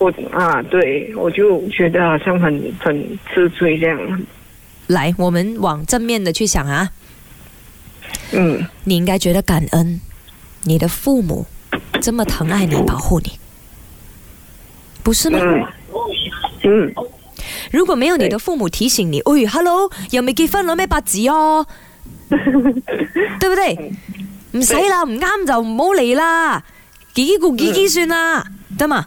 我啊，對，我就覺得好像很很吃醉這樣。來，我們往正面的去想啊。嗯，你應該覺得感恩，你的父母這麼疼愛你，保護你，不是嗎？嗯。嗯。如果沒有你的父母提醒你，哎，Hello，又沒結婚了，攞咩八字哦？ 對不對？唔使啦，唔啱就唔好嚟啦，自己顧自己算啦，得、嗯、嘛？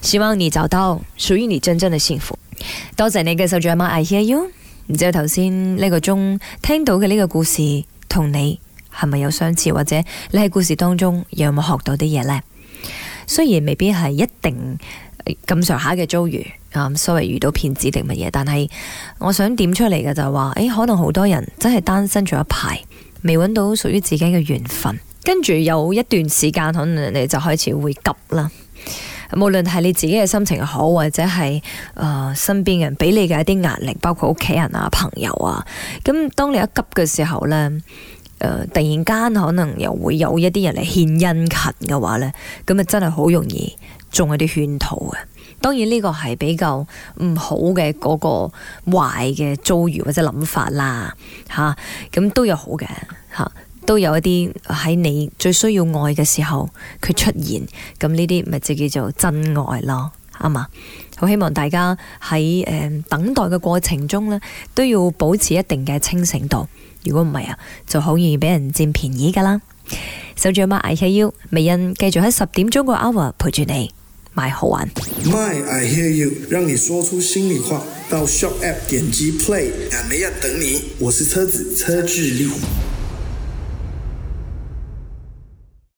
希望你找到屬於你真正的幸福。多謝你嘅手掌阿媽，I hear you。唔知頭先呢個鐘聽到嘅呢個故事，同你係咪有相似，或者你喺故事當中有冇學到啲嘢呢？雖然未必係一定咁上下嘅遭遇啊，所謂遇到騙子定乜嘢，但係我想點出嚟嘅就係話，誒、欸，可能好多人真係單身咗一排，未揾到屬於自己嘅緣分，跟住有一段時間，可能你就開始會急啦。無論係你自己嘅心情好，或者係誒、呃、身邊人俾你嘅一啲壓力，包括屋企人啊、朋友啊，咁當你一急嘅時候呢，誒、呃、突然間可能又會有一啲人嚟獻殷勤嘅話呢，咁啊真係好容易中一啲圈套嘅。當然呢個係比較唔好嘅嗰個壞嘅遭遇，或者諗法啦，吓、啊、咁都有好嘅吓。啊都有一啲喺你最需要愛嘅時候佢出現，咁呢啲咪就叫做真愛咯，啱嘛？好希望大家喺誒、呃、等待嘅過程中呢，都要保持一定嘅清醒度。如果唔係啊，就好容易俾人佔便宜噶啦。手住啊，媽！I hear you，美恩繼續喺十點鐘個 hour 陪住你，買好玩。My I hear you，讓你說出心裏話。到 Shop App 點擊 Play。阿梅要等你，我是車子車智力。